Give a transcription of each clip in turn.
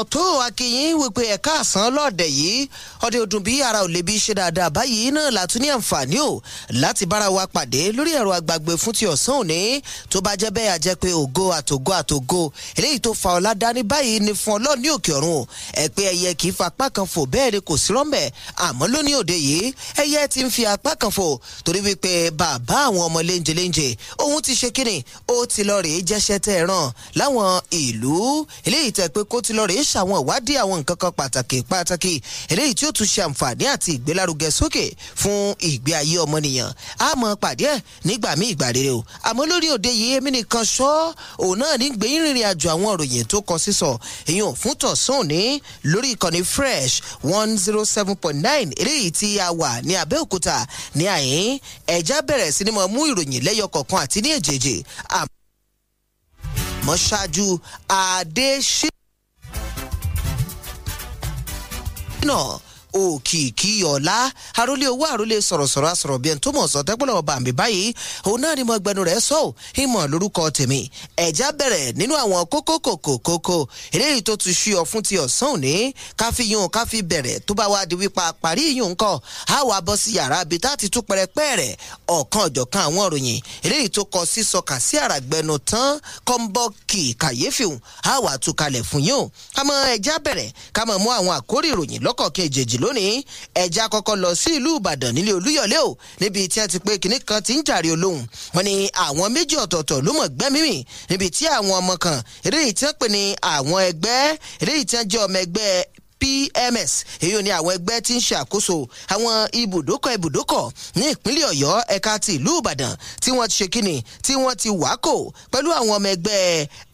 ọ̀tún akínyìn wípé ẹ̀ka àsán lọ́ọ̀dẹ̀ yìí ọdẹ ọdún bí ara ò lè ṣe dáadáa báyìí náà látún ní àǹfààní o láti bára wa pàdé lórí ẹ̀rọ agbàgbé fún ti ọ̀sán òní tó bá jẹ́ bẹ́ẹ̀ àjẹ́ pé ògo àtògo àtògo eléyìí tó fa ọ̀la dání báyìí ni fún ọlọ́ọ̀ ní òkè ọ̀run ẹ pé ẹyẹ kì í fa apá kan fò bẹ́ẹ̀ ni kò sí rọ́mẹ̀ àmọ́ lónìí òde yìí ẹyẹ ti ń fi apá kan fò torí wípé bàbá àwọn ọmọ léńjẹ léńjẹ òun ti ṣe kíni ó ti lọ rèé jẹ́ṣẹ́ tẹ́ láwọn ìlú eléyìí tẹ́ pé kó ti lọ rèé ṣàwọn ìwádìí àwọn nǹkan kan pàtàkì pàtàkì eléyìí tí ó tún ṣe àǹfààní àti ìgbélárugẹ sókè fún ìgbé ayé ọmọnìyàn a mọ̀ pàdé ẹ̀ nígbà míì ìgbà rere o àmọ́ lórí òde yìí èmi nìkan ṣọ́ òun náà ní gbé ìrìnrìn àjò àwọn òròyìn tó kọ sísọ èèyàn fún tọ̀sán òní lórí ìkànnì fresh one zero seven point nine eléyìí tí a wà ní Abẹ́òkúta ní àyín ẹ̀já bẹ̀rẹ̀ sí ni mo mú No, òkìkí ọ̀la àròlé owó àròlé sọ̀rọ̀sọ̀rọ̀ àsọ̀rọ̀ bíi ẹni tó mọ̀ sọ tẹ́pọ̀lọ̀ ọba mi báyìí òun náà ni mo gbẹnu rẹ̀ sọ ò ìmọ̀ lórúkọ tèmi ẹ̀já bẹ̀rẹ̀ nínú àwọn kókó kòkó kókó eléyìí tó ti ṣí ọ fún ti ọ̀sán òní káfí yun káfí bẹ̀rẹ̀ tó bá wá di wípa parí yun kọ́ á wàá bọ́ sí yàrá ibi tá ti tún pẹ̀rẹ̀pẹ̀ rẹ̀ ọ̀kan ọ̀jọ̀kan àwọn òròyìn eléyìí tó kọ sí sọkà sí àràgbẹnu tán kọ́ńbọ́ọ̀kì kàyéfì á wàá tú fún yín o ká bẹ̀rẹ̀ ká mú àwọn àkórí ìròyìn lọ́kọ̀ọ̀kejì lónìí ẹ̀já kọ́kọ́ lọ sí ìlú ìbàdàn nílé olúyọ̀lé o níbi tí wọ́n ti pé kinní kan ti ń jàre olóhùn wọn ni àwọn méjì ọ̀tọ̀ọ̀tọ̀ ló mọ̀ gbẹ́mímì níbi tí àwọn ọmọ kan eléyìí tí pè ní àwọn ẹgbẹ́ eléyìí tí jẹ́ ọmọ ẹgbẹ́ PMS èyí ni àwọn ẹgbẹ́ tí ń ṣàkóso àwọn ibùdókọ̀ ibùdókọ̀ ní ìpínlẹ̀ Ọ̀yọ́ ẹ̀ka ti ìlú Ìbàdàn tí wọ́n ti ṣe kíni tí wọ́n ti wákò pẹ̀lú àwọn ọmọ ẹgbẹ́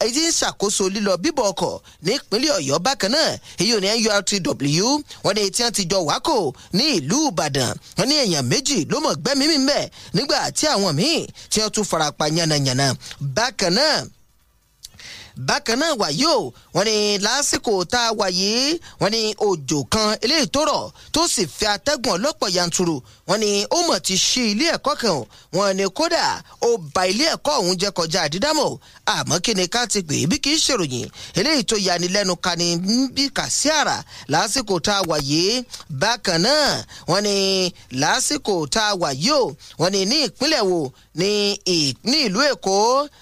èyí ń ṣàkóso lílọ bíbọ̀ ọkọ̀ ní ìpínlẹ̀ Ọ̀yọ́ bákan náà èyí ni NURTW wọ́n ní tí wọ́n ti jọ wákò ní ìlú Ìbàdàn wọ́n ní èèyàn méjì ló mọ̀ gbẹ́mímì mẹ́ nígbà tí àwọn míì tí wọ́n tún bákan náà wà yìí o wọ́n ní lásìkò tá a wà yìí wọ́n ní òjò kan eléyìí tó rọ̀ tó sì fẹ́ atẹ́gùn ọlọ́pọ̀ yanturu wọ́n ní ó mọ̀ ti ṣí ilé ẹ̀kọ́ kan o wọ́n ní kódà ó ba ilé ẹ̀kọ́ ọ̀hún jẹ́ kọjá àdídámọ̀ àmọ́ kí ni ká ti pè é bí kì í ṣèròyìn eléyìí tó yani lẹ́nu ka ni bí kà sí àrà lásìkò tá a wà yìí bákan náà wọ́n ní lásìkò tá a wà yìí o wọ́n ní ní ìpínlẹ̀ wo ní ìlú Èkó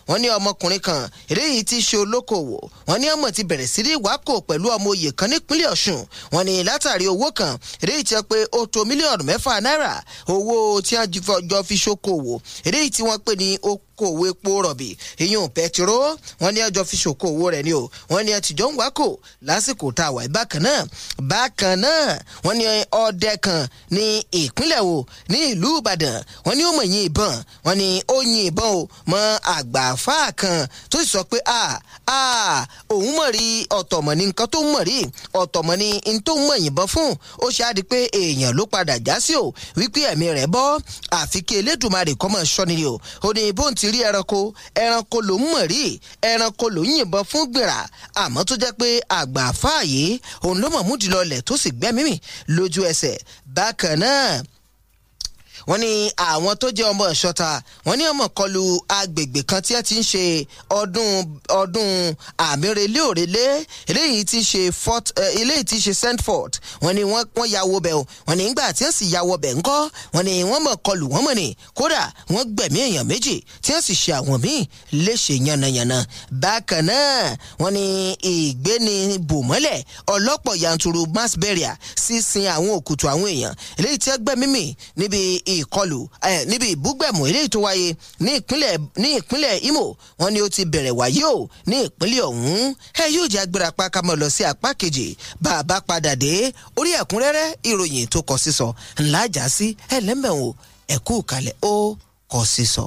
wọ́n ní ọmọkùnrin kan eléyìí ti ṣe ol olókoòwò wọ́n ní ọmọ ti bẹ̀rẹ̀ sí rí ìwákò pẹ̀lú ọmọ òye kan nípínlẹ̀ Ọ̀ṣun wọ́n ní látàrí owó kan eléyìí tí wọ́n pé ó mílíọ̀nù mẹ́fà náírà owó tí wọ́n jọ fi ṣokòwò eléyìí tí wọ́n pè ní ó ṣòkòwò epo rọ̀bì ìyún pẹtiró wọ́n ní ẹjọ́ fi ṣòkòwò rẹ̀ ni o wọ́n ní ẹtìjọ́ ń wákò lásìkò tá a wà bákan náà bákan náà wọ́n ní ọdẹ kan ní ìpínlẹ̀ wo ní ìlú Ìbàdàn wọ́n ní ó mọ̀ yín ìbọn wọ́n ní ó yin ìbọn o mọ́ àgbààfà kan tó sì sọ pé a a òun mọ̀ rí ọ̀tọ̀mọ̀ ní nǹkan tó mọ̀ rí ọ̀tọ̀mọ̀ ní n tó mọ̀ yìnbọn fún ó ṣáàdì pé èèyàn ló padà já sí o wípé ẹ̀mí rẹ̀ bọ́ àfi kí Elédùmarè kó máa ṣọ́ni o ò ní bóun ti rí ẹranko ẹranko ló ń mọ̀rí ẹranko ló ń yìnbọn fún gbìrà àmọ́ tó jẹ́ pé àgbà fààyè òun ló mọ̀múdìlọlẹ̀ tó sì gbẹ́mímì lójú ẹsẹ̀ bákan náà wọ́n ní àwọn tó jẹ́ ọmọ ìṣọ̀ta wọ́n ní ọmọ kọlù agbègbè kan tí ẹ ti ń ṣe ọdún ọdún àmírelé òrèlé eléyìí ti ṣe fort eléyìí ti ṣe Sandford wọ́n ní wọ́n ya wọ bẹ̀ o wọ́n ní ìgbà tí wọ́n sì ya wọ bẹ̀ ńkọ́ wọ́n ní wọ́n mọ̀ kọlù wọ́n mọ̀ ní kódà wọ́n gbẹ̀mí èèyàn méjì tí wọ́n sì ṣe àwọn míì léṣe yànnàyànnà bákan náà wọ́n ní ìgbéni bòmọ́lẹ̀ ọlọ́pọ̀ yanturu mass burial sísin àwọn òkùtù àwọn èèyàn eléyìí tí wọ́n gbẹ̀mí níbi ìkọlù níbi ìbúgbẹ̀mù eléyìí tó wáyé ní ìpínlẹ̀ ní ìpínlẹ̀ Imo wọ́n ni ó ti bẹ̀rẹ̀ wáyé o ní ìpínlẹ̀ ọ̀hún ẹ yóò jẹ́ agbára pa ká mọ̀ lọ sí apá kejì bá a bá padà dé orí ẹ̀kúnrẹ́rẹ́ ìròyìn tó kọ sísọ ńlá jà sí ẹlẹ́mẹ̀wò ẹ̀kú kalẹ̀ ó kọ sísọ.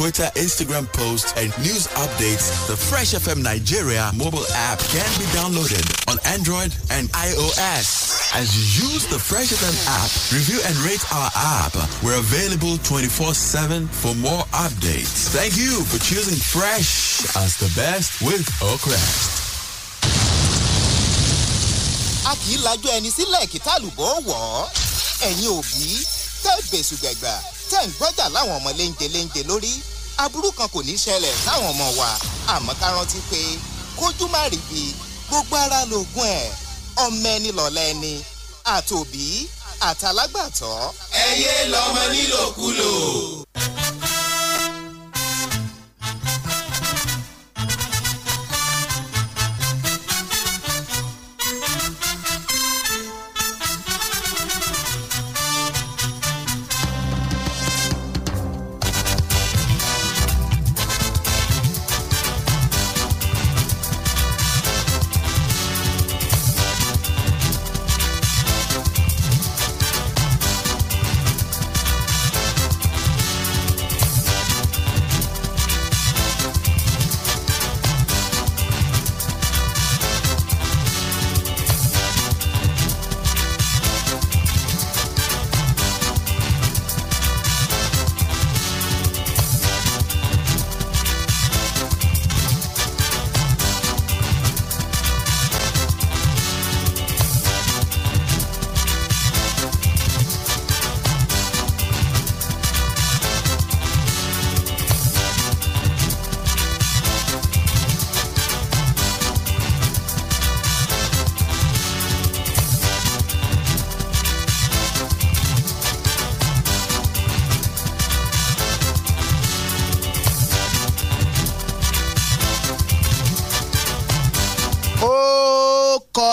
Twitter, Instagram posts, and news updates, the Fresh FM Nigeria mobile app can be downloaded on Android and iOS. As you use the Fresh FM app, review and rate our app. We're available 24-7 for more updates. Thank you for choosing Fresh as the best with Oakrest. A kì í lajú ẹni sílẹ̀ kí tálùbọ̀ wọ̀ ọ́. Ẹ̀yin òbí tẹ́ bẹ̀sù gbàgbà tẹ́ ń gbọ́jà láwọn ọmọ léńjẹ léńjẹ lórí aburú kan kò ní ṣẹlẹ̀ láwọn ọmọ wa àmọ́ ká rántí pé kójú má rí bi gbogbo ara lògùn ẹ̀ ọmọ ẹni lọ̀lẹ́ ẹni àtòbí àtàlágbàtọ́. ẹ yé lọmọ nílòkulò.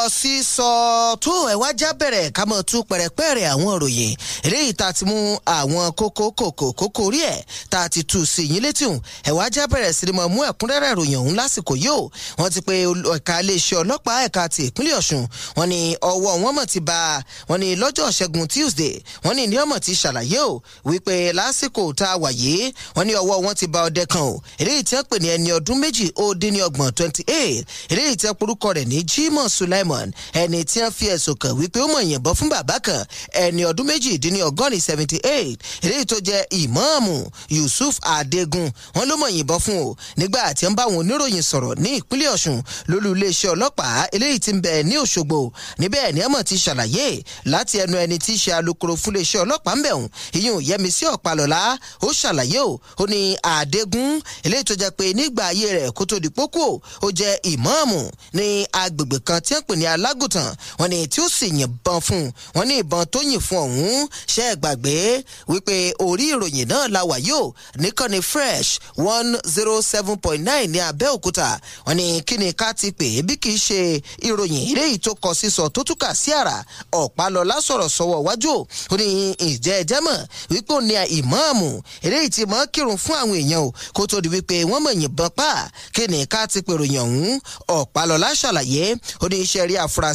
us sísọ tó ẹ̀wá já bẹ̀rẹ̀ ká mọ̀ tú pẹ̀rẹ̀pẹ̀rẹ̀ àwọn òròyìn eléyìí tá a ti mú àwọn kókó kòkó kókó orí ẹ̀ tá a ti tù sí yín létí hùn ẹ̀wá já bẹ̀rẹ̀ sí ni mo mú ẹ̀kúnrẹ́rẹ́ ìròyìn ọ̀hún lásìkò yóò wọ́n ti pe ẹ̀ka iléeṣẹ́ ọlọ́pàá ẹ̀ka ti ìpínlẹ̀ Ọ̀ṣun wọ́n ní ọwọ́ wọn mọ̀ ti bá wọ́n ní lọ́jọ́ ṣẹ́gun Tuesday wọ́n ní ní ọmọ ti ṣàlàyé o wípé lásìkò tá a wà yìí wọ́n ní ọwọ́ wọn ti bá ọdẹ kan o eléyìí tí wọ́n pè ní ẹni ọdún méjì ó dín ní ọgbọ̀n twenty eight eléyìí tí wọ́n porúkọ rẹ̀ ní Jimoh Suleiman ẹni tí wọ́n fi ẹ̀sùn kàn wípé ó mọ̀ yìnbọn fún bàbá kan ẹni ọdún méjìdínlọ́gọ́rin seventy eight eléyìí tó jẹ́ ìmáàmù Yusuf Adegun, wọn ló mọ̀ yìnbọn fún o nígbà tí wọ́n bá àwọn oníròyìn sọ̀rọ̀ ní ìpínlẹ̀ Ọ̀ṣun lólú iléeṣẹ́ ọlọ́pàá eléyìí tí ń bẹ ní Òṣogbo níbẹ̀ ni ẹ̀mọ̀ ti ṣàlàyé láti ẹnu ẹni tí í ṣe alukoro fún iléeṣẹ́ ọlọ́pàá ń bẹ̀hùn ìyún Yẹmisí Ọ̀pálọ́lá ó ṣàlàyé o ó ní Adégún eléyìí tó jẹ́ pé nígbà ayé rẹ̀ kó tó dìpókò ó jẹ́ ìmáàmù ní agbègbè kan tí wọ́n pè ní alág alágùntàn wọ́n ní tí ó sì yìnbọn fún un wọ́n ní ìbọn tó yìn fún ọ̀hún ṣe é gbàgbé wípé orí ìròyìn náà la wà yóò níkànnì fresh one zero oh seven point nine ní abẹ́òkúta wọ́n ní kí ni ká ti pè é bí kì í ṣe ìròyìn eré yìí tó kọ sísọ tó túkà sí àrà ọ̀pálọ́lá sọ̀rọ̀ sọ̀wọ́ wájú ó ní ìjẹ́ ẹjẹ́ mọ̀ wípé ó ní ìmáàmù eré yìí ti mọ̀ kírun fún àwọn èèyàn o kó tó di wípé wọ́n mọ̀ yìnbọn pa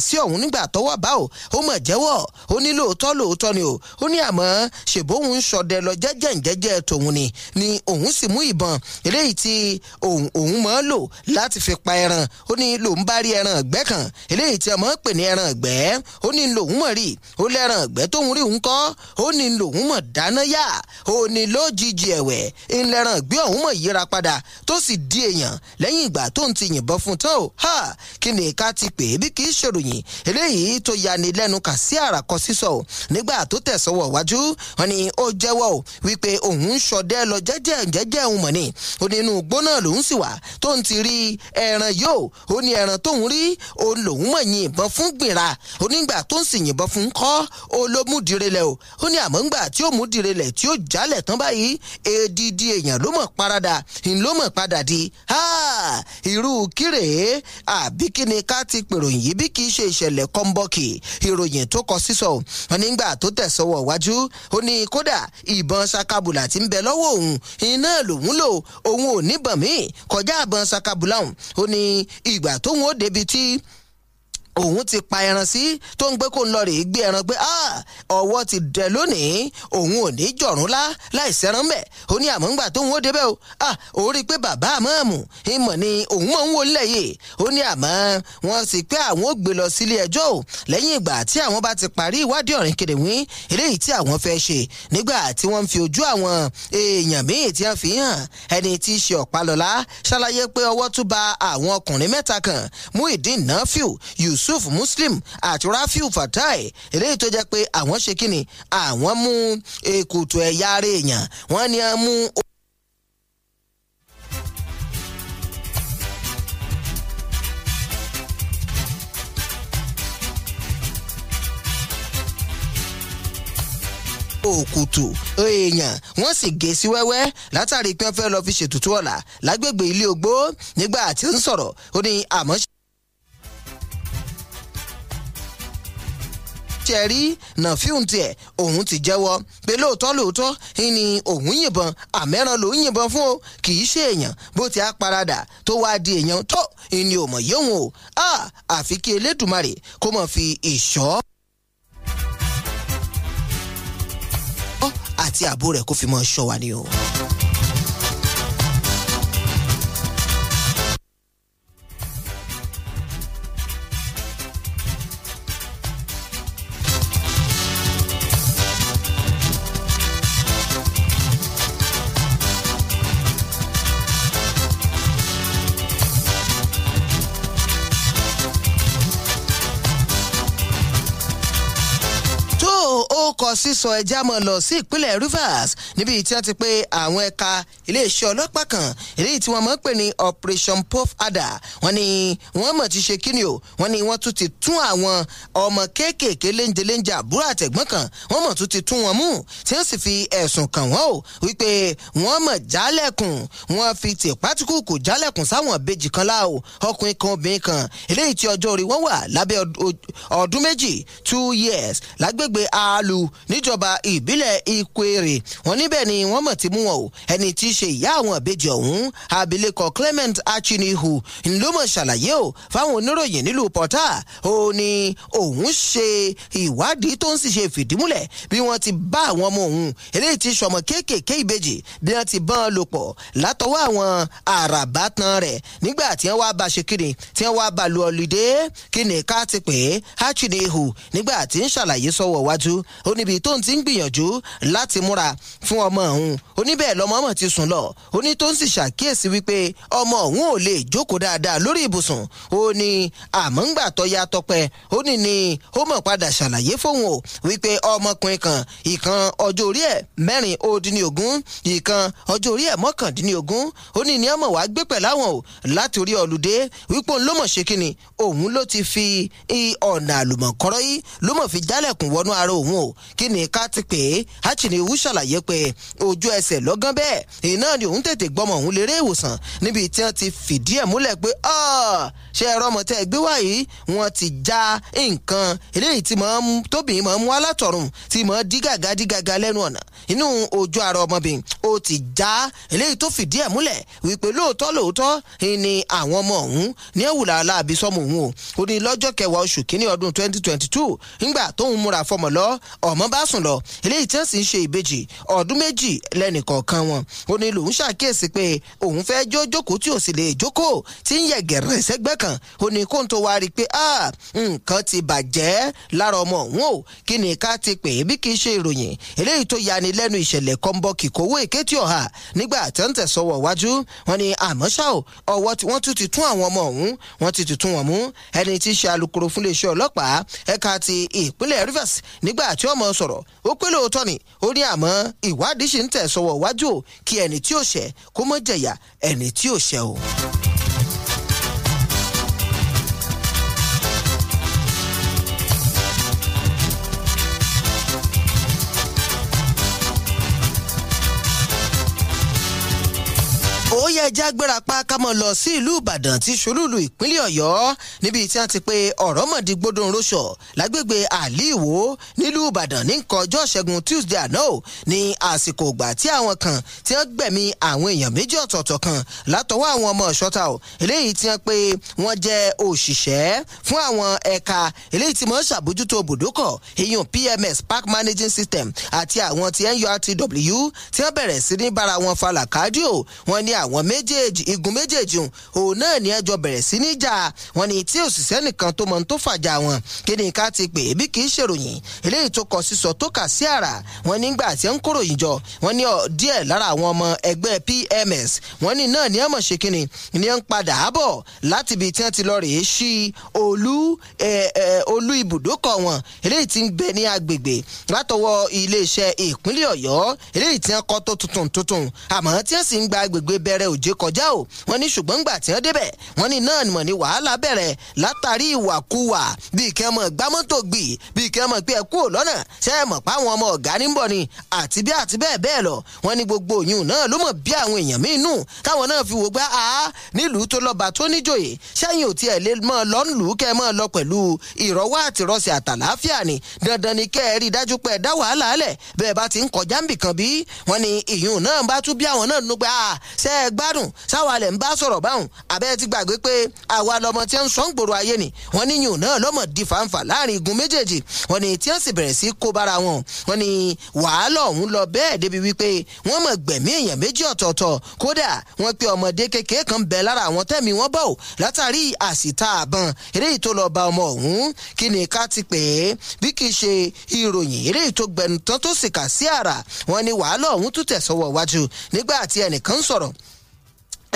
sọ̀rọ̀ sí ọ̀hún nígbà tọ́wọ́ bá ò ó mọ̀ jẹ́wọ́ ó ní lóòótọ́ lóòótọ́ ni ò ó ní àmọ́ ṣèbóhùn ń ṣọdẹ lọ jẹ́jẹ́ ǹjẹ́jẹ́ tòun ni ni òun sì mú ìbọn eléyìí tí òun mọ̀ lò láti fi pa ẹran ó ní lòun bá rí ẹran ìgbẹ́ kan eléyìí tí ọmọ pè ní ẹran ìgbẹ́ ó ní lòun mọ̀ rí ó lẹ́ran ìgbẹ́ tóun rí òun kọ́ ó ní lòun mọ̀ dáná yá ó ní lójijì ẹ̀wẹ̀ ńlẹ́ran ìgbẹ́ ọ̀hún mọ̀ yíra padà tó sì di èèyàn lẹ́yìn ìgbà tóun ti yìnbọn fún tán ò ha kí ni ká ti pè é bí kì í ṣòro ìròyìn eléyìí tó yani lẹ́nu kà sí àràkọ sísọ o nígbà tó tẹ̀sọ́wọ́ wájú wọn ni ó jẹ́wọ́ o wípé òun ń ṣọdẹ lọ jẹ́jẹ́ jẹ́jẹ́ òun mọ̀ ni ó ní inú gbóná lòun sì wà tó ń ti rí ẹran yóò ó ní ẹran tóun rí òun lòun mọ̀ yìnbọn fún gbìnra onígbà tó ń sì yìnbọn fún kọ́ ó ló mú direlẹ̀ o ó ní àmọ́ ńgbà tí ó mú direlẹ̀ tí ó jálẹ̀ tán báyìí èdìdì èèyàn ló mọ̀ parada ń ló mọ̀ padà di irú kírèé àbí kíni ká ti pèròyìn yìí bí kì í ṣe ìṣẹ̀lẹ̀ kọ́ńbọ́ọ̀kì ìròyìn tó kọ sísọ wọn nígbà tó tẹ̀sọ́wọ́ wájú ó ní kódà ìbọn sakabula ti ń bẹ lọ́wọ́ òun iná lòun lò òun ò níbọn míì kọjá ìbọn sakabula òun ó ní ìgbà tóun ó débi tí òun ti pa ẹran sí tó ń gbé kó ń lọ rèé gbé ẹran pé ah, ọwọ́ ti dẹ lónìí òun ò ní jọ̀rún lá láìsẹ̀ ẹran mẹ́ ó ní àmọ́ ńgbà tóun ó débẹ̀ o ah, ó rí i pé bàbá àmọ́ọ̀mù ìmọ̀ ni òun mọ̀ ń wò lẹ̀ yìí ó ní àmọ́ wọn sì pé àwọn ó gbé lọ sílé ẹjọ́ o lẹ́yìn ìgbà tí àwọn bá ti parí ìwádìí ọ̀rìn kìrìwín eléyìí tí àwọn fẹ́ ṣe nígbà tí wọ́n fi ojú àwọn èèyàn míì tí wọ́n fi hàn ẹni tí í ṣe ọ̀pálọ́lá ṣàlàyé pé ọwọ́ tún ba àwọn ọkùnrin mẹ́ta kan Muideen Nafiu Yusuf yusuf muslim àti rafiu fatai eléyìí tó jẹ́ pé àwọn ṣe kíni àwọn mú èkútù ẹ̀yà ara èèyàn wọ́n ní mú. òkùtù èèyàn wọ́n sì gé e sí wẹ́wẹ́ látàrí pé wọ́n fẹ́ lọ́ọ́ fi ṣètùtù ọ̀la lágbègbè ilé ogbó nígbà tí ó ń sọ̀rọ̀ ó ní àmọ́. tiẹ̀ rí nàfíùn tiẹ̀ òun ti jẹ́wọ́ pé lóòótọ́ lóòótọ́ ni òun yìnbọn àmẹ́ràn lòún yìnbọn fún o kì í ṣe èèyàn bó ti á paradà tó wáá di èèyàn tó ni ò mọ̀ o àfi kí Elédùmarè kó mọ̀ fi ìṣọ́. àti ààbò rẹ̀ kó fi mọ́ ṣọ́ wa ni o. sísọ ẹja mọ̀ lọ sí ìpínlẹ̀ Rivers níbi tí wọ́n ti pé àwọn ẹ̀ka iléeṣẹ́ ọlọ́pàá kan eléyìí tí wọ́n mọ̀ ń pè ní Operation Puff Adder wọ́n ní wọ́n mọ̀ ti ṣe kíni o wọ́n ní wọ́n tún ti tún àwọn ọmọ kéékèèké léńjeléńje àbúrò àtẹ̀gbọ́n kan wọ́n mọ̀ tún ti tún wọn mú tí wọ́n sì fi ẹ̀sùn kàn wọ́n o wípé wọ́n mọ̀ jálẹ̀kùn wọ́n fi tìpátíkùkù jálẹ̀kùn sáwọn ìbejì kan lá ọkùnrin kan obìnrin kan eléyìí tí ọjọ́ orí wọn wà lábẹ́ ọdún méjì two years lágbègbè alu níjọba ìbílẹ̀ Ìkwerè wọ́n níbẹ̀ ni wọ́n mọ̀ ti mú wọn o ẹni tí í ṣe ìyá àwọn ìbejì ọ̀hún abilékọ Clement Achinihu ló mọ̀ ṣàlàyé o fáwọn oníròyìn nílùú Port Harcourt ó ní òun ṣe ìwádìí tó ń sì ṣe fìdímúlẹ̀ bí wọ́n ti bá àwọn ọmọ òun eléyìí ti ṣọmọ kéékèèké ìbejì bí wọ́n ti bá lò pọ̀ látọwọ́ àwọn àràbátan rẹ̀ nígbà tí wọ́n wá bá ṣe kíni tí wọ́n wá bá lu ọlùdé kíni ká ti pè é Achinihu nígbà tí ń ṣàlàyé sọ́wọ́ wájú ó níbi níbi tó ń ti ń gbìyànjú láti múra fún ọmọ ọ̀hún oníbẹ̀ lọmọ ọmọ ti sùn lọ oní tó ń sì ṣàkíyèsí wípé ọmọ ọ̀hún ò lè jókòó dáadáa lórí ibùsùn ó ní àmọ́ngbà tó ya tọpẹ ó ní ni ó mọ̀ padà ṣàlàyé fóun o wípé ọmọkùnrin kan ìkan ọjọ́ orí ẹ̀ mẹ́rin ó dín ní ogún ìkan ọjọ́ orí ẹ̀ mọ́kàndínlógún ó ní ní ọmọ wàá gbé pẹ̀lú àwọn o láti orí ọ̀lùdé wípé òun ló mọ̀ ṣe kíni òun ló ti fi ọ̀nà àlùmọ̀kọ́rọ́ yìí ló mọ̀ fi jálẹ̀kùn wọnú ara òun o kí ni ká ti pè é Achiniwu ṣàlàyé pé ojú ẹsẹ̀ lọ́gán bẹ́ẹ̀ èyí ni òun tètè gbọ́mọ òun lérè ìwòsàn níbi tí wọ́n ti fìdí ẹ̀ múlẹ̀ pé ṣe ẹ̀rọ ọmọ tẹ́ ẹ gbé wá yìí wọ́n ti já nǹkan eléyìí tí màá tóbi màá mú alátọ̀run tí màá dí gàgá dí gàgá lẹ́nu ọ̀nà inú ojú ara ọmọbìnrin ó ti já eléyìí tó fìdí ẹ̀ múlẹ̀ wípé lóòótọ́ lóòótọ́ ni àwọn ọmọ òun ní ẹ̀wùlà aláàbí sọ́mọ òun o ó ní lọ́jọ́ kẹwàá oṣù kínní ọdún 2022 ńgbà tóun múra fọmọ lọ ọmọ lòun bá sùn lọ eléyìí tí wọ́n sì ń ṣe ìbejì ọdún méjì lẹ́nìkọ̀ọ̀kan wọn ó ní lòun ṣàkíyèsí pé òun fẹ́ jó jókòó tí ò sì lè jókòó tí ń yẹ gẹ̀rẹ̀ sẹ́gbẹ́ kan ó ní kóun tó wá rí i pé nǹkan ti bàjẹ́ lára ọmọ òun ò kí ni ká ti pè é bí kì í ṣe ìròyìn eléyìí tó yani lẹ́nu ìṣẹ̀lẹ̀ kọ́ńbọ́ọ̀kì kówó èkétí ọ̀hà nígbà tí wọ́n tẹ̀sọ̀wọ̀ wájú wọn ni àmọ́ ṣá ò ọwọ́ tí wọ́n tún ti tún àwọn ọmọ òun wọ́n ti tún wọn mú ẹni tí í ṣe alukoro fún ọlọ́pàá ẹ̀ka ti ìpínlẹ̀ Rivers nígbà tí ọmọ sọ̀rọ̀ ó pé lóòótọ́ ni ó ní àmọ́ ìwádìí sì ń tẹ̀ sọ́wọ́ iwájú kí ẹni tí ò ṣẹ̀ kó mọ́ jẹ̀yà ẹni tí ò ṣẹ̀ o. ẹja gbéra pa kámọ́ lọ sí ìlú ìbàdàn tí ṣolúlu ìpínlẹ̀ ọ̀yọ́ níbi tí wọ́n ti pe ọ̀rọ̀mọ̀dì gbódùn rọṣọ lágbègbè àlìwò nílùú ìbàdàn ní nǹkan ọjọ́ ṣẹ́gun tuesday àná ní àsìkò ìgbà tí àwọn kan tí wọ́n gbẹ̀mí àwọn èèyàn méjì ọ̀tọ̀ọ̀tọ̀ kan látọwọ́ àwọn ọmọ ṣọ́tà ò eléyìí tí wọ́n pe wọ́n jẹ́ òṣìṣẹ́ fún àwọn ẹ̀ka eléyìí tí pms park managing system àti àwọn ti nurtw tí wọ́n bẹ̀rẹ̀ sí ní m méjèèjì igun méjèèjì òun náà ni ẹjọ́ bẹ̀rẹ̀ sí ní jà wọ́n ní tí òṣìṣẹ́ nìkan tó mọ̀ tó fàjà wọn kí ni ká ti pè é bí kì í ṣèròyìn eléyìí tó kọ sísọ tó kà sí àrà wọ́n nígbà tí ń kóròyìn jọ wọ́n ní díẹ̀ lára àwọn ọmọ ẹgbẹ́ PMS wọ́n ní náà ní ọmọ ṣe kíni ni ń padà bọ̀ láti ibi tí wọ́n ti lọ rèé sí olú olú ibùdókọ̀ wọn eléyìí ti ń bẹ ní agbègbè látọwọ́ iléeṣẹ́ ìpínlẹ̀ Ọ̀yọ́ eléyìí ti ń kọ́ tó tuntun tuntun àmọ́ tí wọ́n sì ń gba agbègbè bẹ̀rẹ̀ òj ìdíje kọjá o wọ́n ní ṣùgbọ́n gbà tí wọ́n débẹ̀ wọ́n ní náà mọ̀ ní wàhálà bẹ̀rẹ̀ látàrí ìwàkuwà bíi kẹ́ mọ̀ gbámọ́tò gbì bíi kẹ́ mọ̀ pé ẹ kú lọ́nà ṣẹ́ ẹ mọ̀ pa àwọn ọmọ ọ̀gá ní bọ̀ ni àti bí àti bẹ́ẹ̀ bẹ́ẹ̀ lọ wọ́n ní gbogbo òyìn náà ló mọ̀ bí àwọn èèyàn míì nù táwọn náà fi wò gbá a nílùú tó lọ́ba tó níjòyè sẹ́yìn ò tiẹ̀ lè mọ̀ lọ nílùú kẹ́ mọ̀ lọ pẹ̀lú ìrọ̀wọ́ àtìrọsẹ̀ àtàláfíà ni dandan ni kẹ́ ẹ rí i dájú pé ẹ dá wàhálà lẹ̀ bẹ́ẹ̀ bá ti ń kọjá ń bìkan bí wọ́n ní ìyún náà bá tún bí àwọn náà nù pé a ṣe é gbá gbádùn sáwa lẹ̀ ń bá sọ̀rọ̀ báwọn abẹ́ ti gbàgbé pé àwa lọmọ tí ń sọ́n gbòòrò ayé ni wọ́n ní yùn náà lọ́mọ di fàǹfà láàrin igun méjèèjì wọ́n ní tí wọ́n sì bẹ̀rẹ̀ sí kó bára wọn wọ́n ní wàhálà ọ̀hún lọ bẹ́ẹ̀ débi wípé wọ́n mọ̀ gbẹ̀mí èèyàn méjì ọ̀tọ̀ọ̀tọ̀ kódà wọ́n pe ọmọdé kékeré kan bẹ lára àwọn tẹ̀mí wọn bọ̀ látàrí àsìta àbọn eléyìí tó lọ ba ọmọ ọ̀hún kí ni ká ti pè é bí kì í ṣe ìròyìn eléyìí tó gbẹnu tán tó sì kà sí àrà wọ́n ní wàhálà ọ̀hún tún tẹ̀sọ́wọ́ wájú nígbà tí ẹnìkan sọ̀rọ̀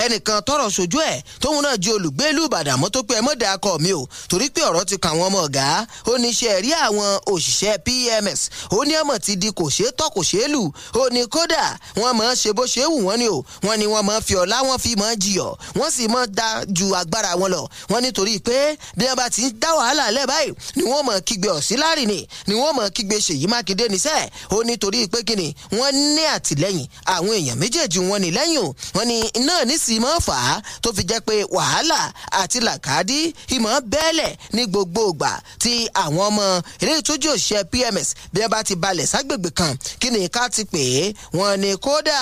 ẹnìkan tọrọ ṣojú ẹ tóun náà jẹ olùgbé ìlú Ìbàdàn mọ tó pé ẹ mọdà akọ mi o torí pé ọ̀rọ̀ ti kàn wọn ọmọ ọgá ó ní ṣe rí àwọn òṣìṣẹ́ PMS ó ní ọmọ ti di kò ṣeé tọ kò ṣeé lù ó ní kódà wọ́n máa ṣe bó ṣe wù wọ́n ni o wọ́n ní wọ́n máa fi ọlá wọn fi máa jiyọ̀ wọ́n sì máa da ju agbára wọn lọ wọ́n nítorí pé bí wọ́n bá ti ń dá wàhálà lẹ báyìí ni wọ́n máa kígbe Ọ̀sínlárí ni ni wọ́n máa kígbe Ṣèyí Mákindé níṣẹ́ ó nítorí pé kíni wọ́n ní àtìlẹ́yìn àwọn èèyàn méjèèjì wọ́n ní lẹ́yìn o wọ́n ní náà níṣ sì mọ́ fà á tó fi jẹ́ pé wàhálà àti làkàdí ìmọ̀ bẹ́ẹ̀lẹ̀ ní gbogbo ìgbà tí àwọn ọmọ eré ìtọ́jú òṣìṣẹ́ PMS bí wọ́n bá ti balẹ̀ ságbègbè kan kí ni ká ti pè é wọ́n ní kódà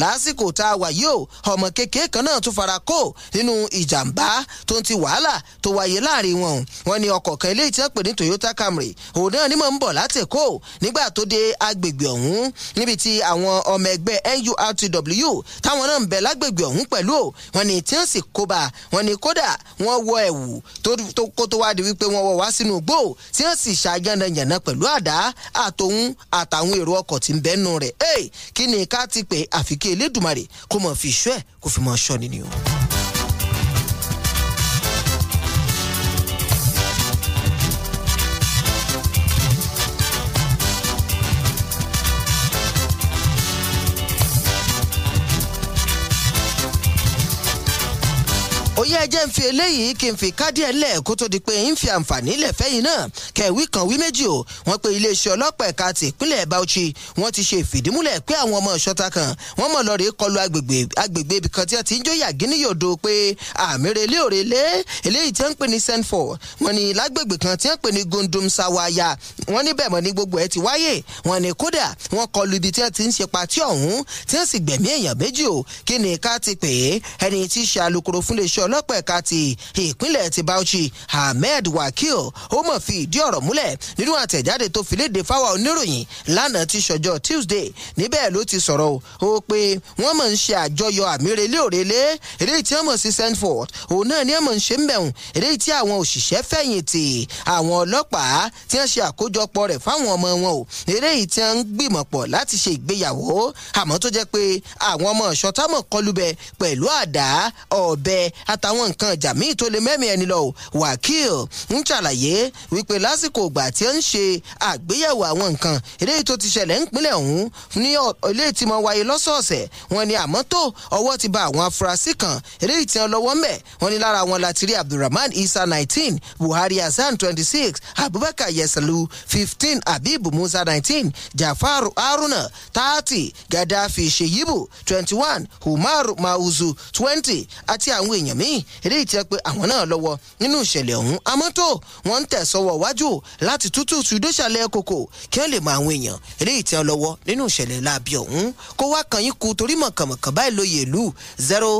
lásìkò tá a wà yóò ọmọ kékeré kan náà tún fara kó nínú ìjàmbá tó ń ti wàhálà tó wáyé láàrin wọn wọ́n ní ọkọ̀ kan eléyìí tí wọ́n pè ní Toyota Camry òun náà ni mò ń bọ̀ láti Èkó nígbà tó dé agbègbè ọ̀hún níbi tí àwọn ọmọ ẹgbẹ́ NURTW táwọn náà ń bẹ lágbègbè ọ̀hún pẹ̀lú pẹ̀lú o wọn ni tí wọ́n sì kóbá wọn ni kódà wọ́n wọ ẹ̀wù kó tó wá di wípé wọ́n wọ wá sínú igbó tí wọ́n sì ṣàyànnàyànnà pẹ̀lú àdá àtòun àtàwọn èrò ọkọ̀ tí ń bẹ́nu rẹ̀ kí ni ká ti pè àfikẹ́ Elédùmarè kó mọ̀ fi ṣọ́ ẹ̀ kó fi mọ̀ ṣọ́ nínú. yẹ jẹ́ ń fi eléyìí kí n fi kádì ẹ̀ lẹ̀ kó tó di pé ń fi àǹfààní lẹ̀ fẹ́yìn náà kẹ̀wí kan wí méjì o wọ́n pe iléeṣẹ́ ọlọ́pàá ẹ̀ka ti ìpínlẹ̀ Bauchi wọ́n ti ṣe ìfìdímúlẹ̀ pé àwọn ọmọ ìṣọ́ta kan wọ́n mọ̀ lọ́ọ́ kọlu agbègbè agbègbè kan tí wọ́n ti ń jó yàgínní yòdo pé àmì relé eléyìí tí wọ́n ń pè ní senfor wọ́n ní lágbègbè kan tí wọ́n ń pè ní Gondom Sawaya wọ́n ọlọ́pàá ẹ̀ka ti ìpínlẹ̀ ti Bauchi Ahmed Wakil ó mọ̀ fi ìdí ọ̀rọ̀ múlẹ̀ nínú àtẹ̀jáde tó fi léde fáwọn oníròyìn lánàá ti ṣọjọ́ Tuesday níbẹ̀ ló ti sọ̀rọ̀ o pé wọ́n mọ̀ ń ṣe àjọyọ̀ àmírelé òrèlé eléyìí tí wọ́n mọ̀ sí Sandford òun náà ni wọ́n mọ̀ ń ṣe ń bẹ̀rùn eléyìí tí àwọn òṣìṣẹ́ fẹ̀yìntì àwọn ọlọ́pàá tí wọ́n ṣe àkójọpọ̀ rẹ̀ fáwọn ọmọ wọn o eléyìí tí wọ́n ń gbìmọ̀ pọ̀ láti ṣe ìgbéyàwó àmọ́ tó jẹ́ pé àwọn ọmọ ọ̀ṣọ́támọ̀ kọlùbẹ pẹ̀lú àdá ọ̀bẹ àt àtàwọn nǹkan ìjà míì tó lè mẹ́mí ẹni lọ wákìl ń ṣàlàyé wípé lásìkò ìgbà tí ó ń ṣe àgbéyẹ̀wò àwọn nǹkan eléyìí tó ti ṣẹlẹ̀ ńpínlẹ̀ ọ̀hún ní ilé ìtìmọ̀ wáyé lọ́sọ̀ọ̀sẹ̀ wọn ni àmọ́ tó ọwọ́ ti ba àwọn afurasí kan eléyìí tí wọn lọ́wọ́ mẹ́ wọn ni lára wọn láti rí Abdulrahman Isa nineteen Buhari Hasan twenty six Abubakar Yesalu fifteen Habib Musa nineteen Jafar Haruna thirty Gaddafi Sheyibu twenty one Umaru Mauzu twenty àti àwọn èèyàn míì míì eléyìí ti ẹ pé àwọn náà lọ́wọ́ nínú ìṣẹ̀lẹ̀ ọ̀hún àmọ́ tó wọ́n ń tẹ̀ sọ́wọ́ wájú láti tútù ṣùdóṣàlẹ̀ kòkò kí wọ́n lè mọ àwọn èèyàn eléyìí ti ẹ lọ́wọ́ nínú ìṣẹ̀lẹ̀ láabi ọ̀hún kó wá kàn yín kú torí mọ̀kànmọ̀kàn báyìí lóye ìlú zero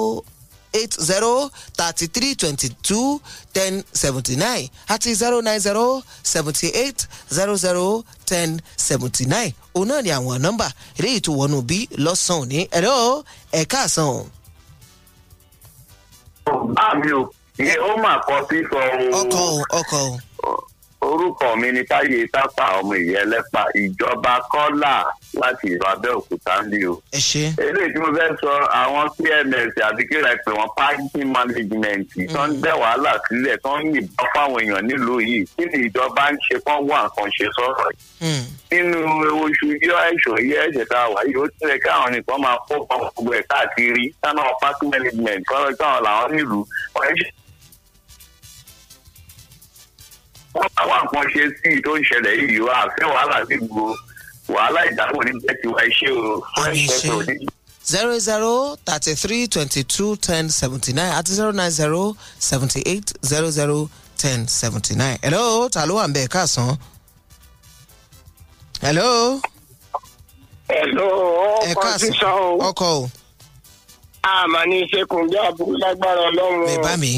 eight zero thirty three twenty two ten seventy nine àti zero nine zero seventy eight zero zero ten seventy nine òun náà ni àwọn nọ́mbà eléyìí tó wọnú bí lọ́sàn-án ní ẹ̀rọ ẹ̀ka àsàn. àmì ah, o ìyẹn ó mà ọkọ ọkọ orúkọ mi ni táyé tápà ọmọ ìyá ìjọba kọ́là láti ìlú abẹ́òkúta ní o. ẹ ṣe. eléyìí tí mo fẹ́ sọ àwọn pms àbíkẹ́rẹ́ pé wọ́n parking management tó ń dẹ́ wàhálà sílẹ̀ tó ń yìnbọn fáwọn èèyàn nílùú yìí kí ni ìjọba ń ṣe kán wà nǹkan ṣe sọ̀rọ̀ yìí. Mm. nínú oṣù yọ ẹ̀ṣọ́ yẹ ẹ̀ṣẹ̀ tá a wà yìí ó ti rẹ̀ káwọn nìkan máa kó gbogbo ẹ̀ káàkiri wọ́n táwọn nǹkan ṣe sí i tó ń ṣẹlẹ̀ yìí wá àfẹ́ wàhálà sí gbogbo wàhálà ìdáhùn ní bẹ́ẹ̀ ti wá iṣẹ́ o fún zero zero thirty three twenty two ten seventy nine àti zero nine zero seventy eight zero zero ten seventy nine. hello ta ló wà ń bẹ̀ káàsán. hello. hello ọkọ sísan o. ọkọ o. àmà ní ṣe kò ń jẹ́ àbúrò lágbára ọlọ́run. bẹ́ẹ̀ bá mi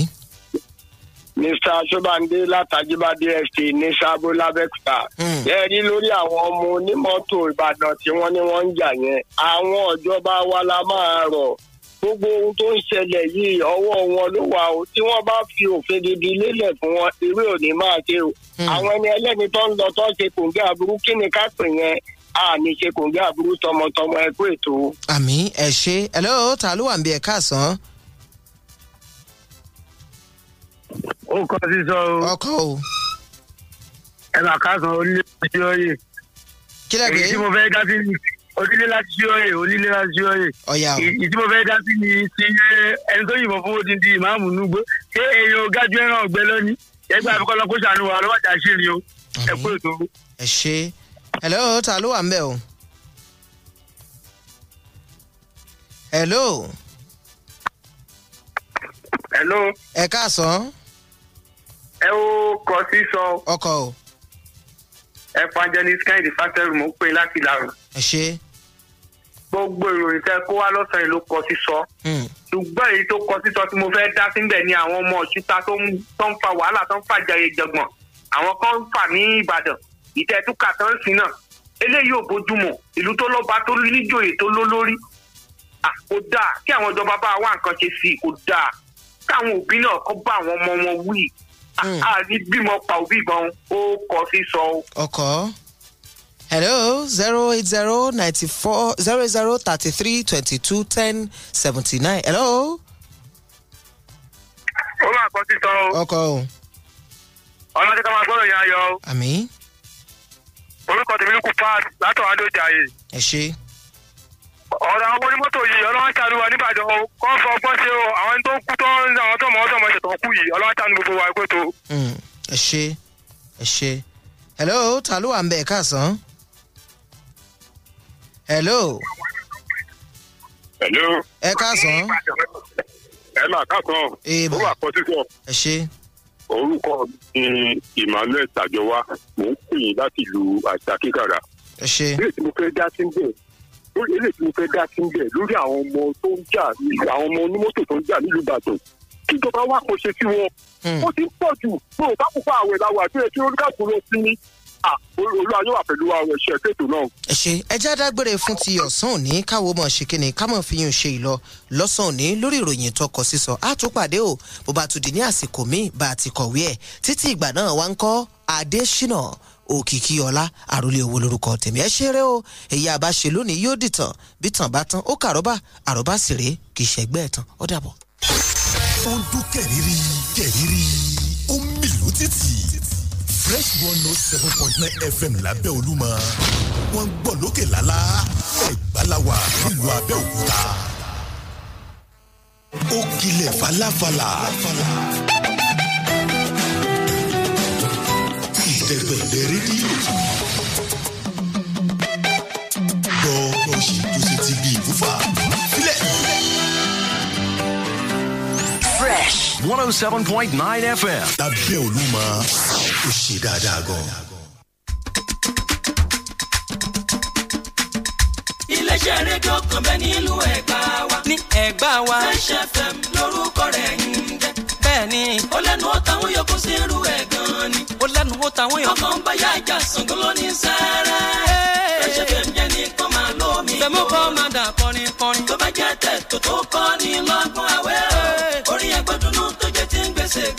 mr sobande látàjíbádé estate ní sábó lábẹ́kúta hmm. ẹ lórí àwọn ọmọ onímọ́tò ìbàdàn tí wọ́n ní wọ́n ń jà yẹn àwọn ìjọba wa la máa rọ̀ gbogbo ohun tó ń ṣẹlẹ̀ yìí ọwọ́ wọn ló wà o tí wọ́n bá fi òfin gidi lélẹ̀ fún wọn eré ò máa ṣe o hmm. àwọn ẹni ẹlẹ́ni tó ń lọ tó ṣe kòǹgẹ́ aburú kí ni ká pè yẹn a ní ṣe kòǹgẹ́ aburú tọmọtọmọ ẹ ètò. àmì ẹ ṣe ẹ lọ́wọ́ ta ló wà ń bí ẹ káàsán ó kọ sísọ o. ọkọ o. ẹ máa káàsán onílé láti ṣíọ́yè. kílẹ̀ pé. èyí tí mo fẹ́ dá sí ni onílé láti ṣíọ́yè onílé láti ṣíọ́yè. ọ̀yà o. èyí tí mo fẹ́ dá sí ni ti ẹni tó yìnbọn fún odindi ìmáàmù nùgbó ṣé èèyàn gájú ẹran ọ̀gbẹ́ lọ́ni ẹgbẹ́ àfikọ́lọ́ kó ṣàánú wa lọ́wọ́ àjà ṣì ni o. ẹ kú ètò. ẹ ṣe hello ta ló wà ń bẹ̀ o. hello. hello. ẹ káàsán ẹ ó kọ sísọ. ọkọ o. evangelist kẹ́hìndé fásitì mo ń pè láti ìlàrú. ẹ ṣe. gbogbo ìròyìn tẹ kó wá lọ́sàn-án yìí ló kọ sísọ. Hmm. ṣùgbọ́n èyí tó kọ sísọ tí mo fẹ́ dá síbẹ̀ ni àwọn ọmọ òṣìṣà tó ń fa wàhálà tó ń fàjà ìjọgbọ̀n àwọn kan ń fà ní ìbàdàn ìtẹ̀tùkà tán sí náà eléyìí ò bójúmọ̀ ìlú tó lọ́ba tó níjòyè tó lólórí kò dáa kí àwọn ìjọba bá wá nǹkan ṣe sí i kò dáa káwọn òbí náà kọ́ bá àwọn ọmọ wọn wí Hmm. a ah, ní bímọ pa òbí gan ó kọ sí sọ. ọkọ hello zero eight zero ninety four zero zero thirty three twenty two ten seventy nine hello. ó máa kọ sí sọ o. ọkọ o. ọlọ́dún ká máa gbọ́dọ̀ yá yọ. àmì. orúkọ tèmi ń kú paad látọ̀ adójà yìí. ẹ ṣe ọ̀rọ̀ àwọn onímọ́tò yìí ọlọ́wọ́ wa nígbàdàn o kọ́ fọ ọgbọ́n ṣe o àwọn tó kú tó àwọn tó mọ̀ ọ́ sọ̀mọ́ ṣètò kú yìí ọlọ́wọ́ gbogbo wa ẹgbẹ́ tó. Hmm, ẹ ṣe ẹ ṣe hello ta ló wà ń bẹ káàsán. hello. hello. ẹ káàsán. ẹ máa káàsán ó wà kọ sísọ. ẹ ṣe. orúkọ mi ni emmanuel tajọwa mò ń pè yín láti ìlú àṣà kíkàrà. ẹ ṣe. bí èsì mo fẹ́ dá sí ń lórí eléyìí mo fẹ́ dá sí bẹ́ẹ̀ lórí àwọn ọmọ tó ń jà àwọn ọmọ onímọ́tò tó ń jà nílùú Ìbàdàn kíjọba wa kò ṣe sí wọn hmm. ó ti ń pọ̀ jù pé òun bá kópa àwẹ̀ làwọn àti ẹ̀kí oníkàkùn lọ sí ní olúwayọ́wà pẹ̀lú àwọn ẹ̀ṣẹ̀ ètò náà. ẹ ṣe ẹ já fún ti ọ̀sán òní káwọ́ mọ̀ ṣe ká mọ̀ fi yún ṣe ìlọ lọ́sàn òní lórí ìròyìn tọkọ sísọ á tún pàdé o bó bá tún di ní àsìkò míì bá a ti kọ̀wé ẹ̀ títí ìgbà náà wá ń kọ́ Adésínà òkìkí ọlá àròlé owó lórúkọ tèmi ẹ ṣeré o èyí àbáṣe lónìí yóò dìtàn bí tàn bá tán ó kàrọ́bà àròbá sì rèé kì í ṣẹ̀gbẹ́ ẹ̀ tán ó dàbọ̀. ó ń dún kẹ̀rìírí kẹ̀rìírí ó ń mì lótìtì fresh one note oh seven point nine fm lábẹ́ olúmọ wọ́n ń gbọ́ lókè lálá ẹ̀gbáláwa nílùú abẹ́òkúta ó kilẹ̀ falafala. falafala dẹ̀pẹ̀ lẹ́rìndì. gbọ́ òṣì tó ṣe ti bí ìwúfà. filẹ̀. Fresh one oh seven point nine FM. lábẹ́ Olúmọ ó ṣe dáadáa gan iléeṣẹ́ rédíò kan bẹ́ẹ̀ nílùú Ẹ̀gbá wa. ní Ẹ̀gbá wa. Fresh FM lórúkọ rẹ̀ ń jẹ́ bẹ́ẹ̀ ni. ó lẹ́nu ó tàwọn yòókù sí irú ẹ̀ gan-an ni. ó lẹ́nu ó tàwọn yòókù. ọkàn ń bá yá ìjà Ṣàngó lónìí sẹ́rẹ́. ẹ̀ṣẹ̀ fẹ̀mí yẹn ni kò máa lómi kò. bẹ́ẹ̀ mú kọ́ máa dà kọrin kọrin. tó bá jẹ́ tẹ̀ tó tó kọ́ ni lọ́gbọ̀n àwẹ̀ o. orin ẹgbẹ́ dunu tó jẹ́ ti ń gbèsè g